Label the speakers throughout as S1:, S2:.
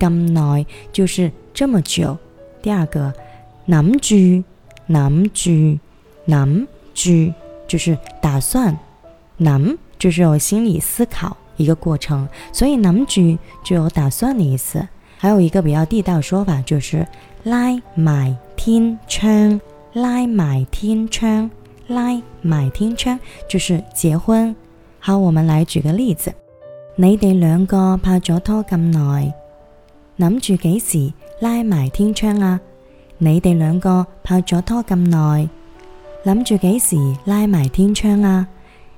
S1: 咁耐就是這麼久。第二個“諗住，諗住，諗住”，就是打算“諗”，就是有心理思考一個過程，所以“諗住”就有打算的意思。還有一個比較地道的說法就是“拉埋天窗，拉埋天窗，拉埋天窗”，就是結婚。好，我們來舉個例子：你哋兩個拍咗拖咁耐。諗住幾時拉埋天窗啊？你哋兩個拍咗拖咁耐，諗住幾時拉埋天窗啊？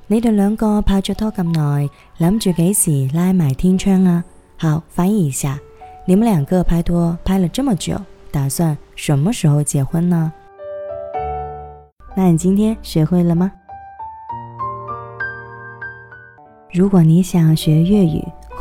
S1: 你哋兩個拍咗拖咁耐，諗住幾時拉埋天窗啊？好，翻譯一下，你們兩個拍拖拍了這麼久，打算什麼時候結婚呢？那你今天學會了嗎？如果你想學粵語。